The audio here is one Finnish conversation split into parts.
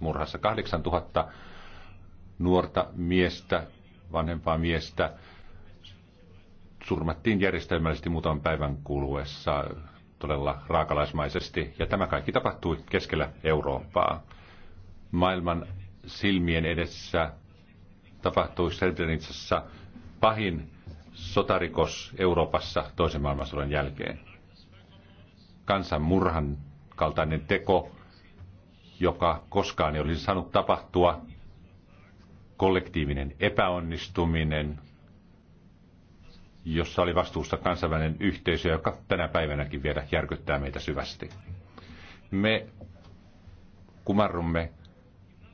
murhassa 8000 nuorta miestä, vanhempaa miestä surmattiin järjestelmällisesti muutaman päivän kuluessa todella raakalaismaisesti, ja tämä kaikki tapahtui keskellä Eurooppaa. Maailman silmien edessä tapahtui Srebrenicassa pahin sotarikos Euroopassa toisen maailmansodan jälkeen. kansan murhan kaltainen teko joka koskaan ei olisi saanut tapahtua, kollektiivinen epäonnistuminen, jossa oli vastuussa kansainvälinen yhteisö, joka tänä päivänäkin vielä järkyttää meitä syvästi. Me kumarrumme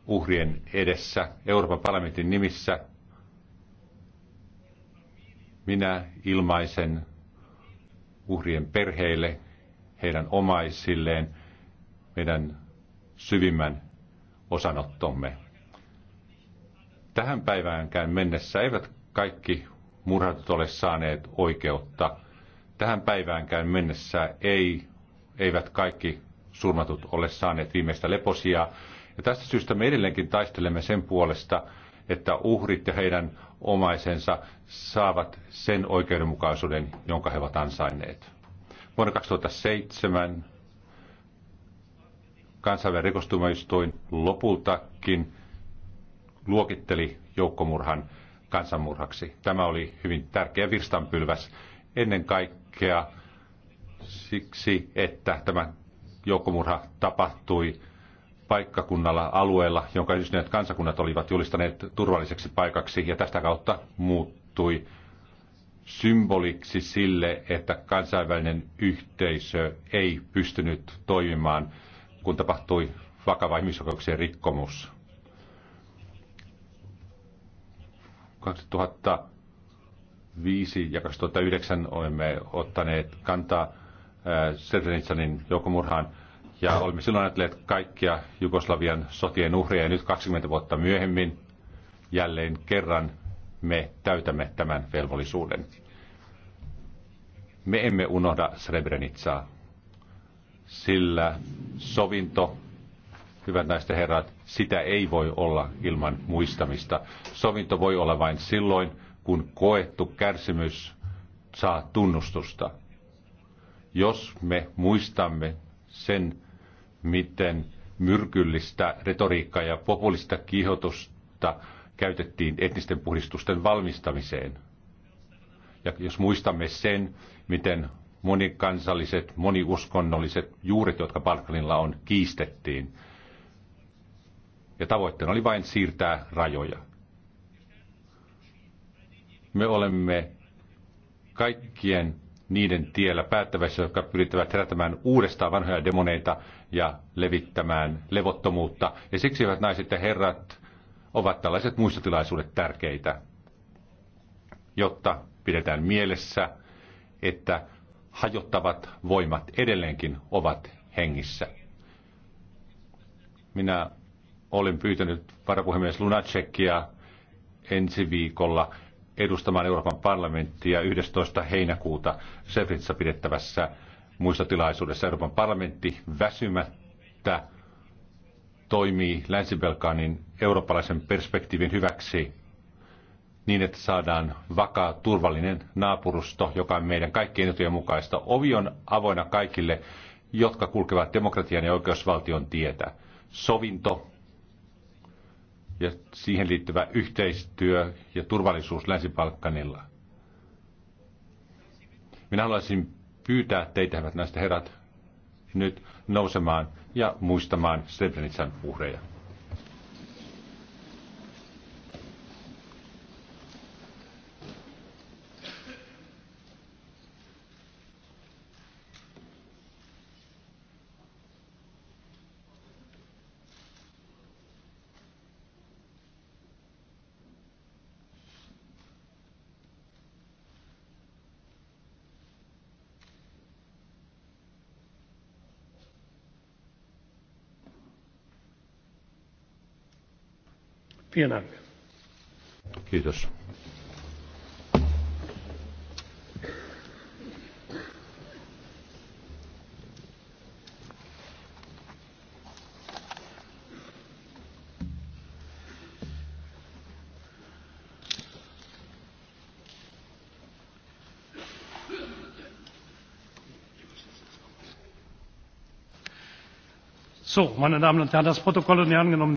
uhrien edessä Euroopan parlamentin nimissä. Minä ilmaisen uhrien perheille, heidän omaisilleen, meidän syvimmän osanottomme. Tähän päiväänkään mennessä eivät kaikki murhatut ole saaneet oikeutta. Tähän päiväänkään mennessä ei, eivät kaikki surmatut ole saaneet viimeistä leposia. Ja tästä syystä me edelleenkin taistelemme sen puolesta, että uhrit ja heidän omaisensa saavat sen oikeudenmukaisuuden, jonka he ovat ansainneet. Vuonna 2007 kansainvälinen rikostuomioistuin lopultakin luokitteli joukkomurhan kansanmurhaksi. Tämä oli hyvin tärkeä virstanpylväs ennen kaikkea siksi, että tämä joukkomurha tapahtui paikkakunnalla, alueella, jonka yhdistyneet kansakunnat olivat julistaneet turvalliseksi paikaksi, ja tästä kautta muuttui symboliksi sille, että kansainvälinen yhteisö ei pystynyt toimimaan kun tapahtui vakava ihmisoikeuksien rikkomus. 2005 ja 2009 olemme ottaneet kantaa äh, Srebrenicanin joukomurhaan ja olemme silloin ajatelleet kaikkia Jugoslavian sotien uhreja ja nyt 20 vuotta myöhemmin jälleen kerran me täytämme tämän velvollisuuden. Me emme unohda Srebrenicaa sillä sovinto, hyvät naiset herrat, sitä ei voi olla ilman muistamista. Sovinto voi olla vain silloin, kun koettu kärsimys saa tunnustusta. Jos me muistamme sen, miten myrkyllistä retoriikkaa ja populista kiihotusta käytettiin etnisten puhdistusten valmistamiseen. Ja jos muistamme sen, miten monikansalliset, moniuskonnolliset juuret, jotka Balkanilla on, kiistettiin. Ja tavoitteena oli vain siirtää rajoja. Me olemme kaikkien niiden tiellä päättävässä, jotka pyrittävät herättämään uudestaan vanhoja demoneita ja levittämään levottomuutta. Ja siksi, hyvät naiset ja herrat, ovat tällaiset muistotilaisuudet tärkeitä, jotta pidetään mielessä, että hajottavat voimat edelleenkin ovat hengissä. Minä olin pyytänyt varapuhemies Lunacekia ensi viikolla edustamaan Euroopan parlamenttia 11. heinäkuuta Sefritsa pidettävässä muistotilaisuudessa. Euroopan parlamentti väsymättä toimii Länsi-Belkaanin eurooppalaisen perspektiivin hyväksi niin, että saadaan vakaa, turvallinen naapurusto, joka on meidän kaikkien etujen mukaista. Ovi on avoinna kaikille, jotka kulkevat demokratian ja oikeusvaltion tietä. Sovinto ja siihen liittyvä yhteistyö ja turvallisuus Länsi-Balkanilla. Minä haluaisin pyytää teitä, hyvät näistä herrat, nyt nousemaan ja muistamaan Srebrenitsan uhreja. Vielen Kiitos. meine damen und herren das protokoll und die angenommenen